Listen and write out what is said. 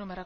numero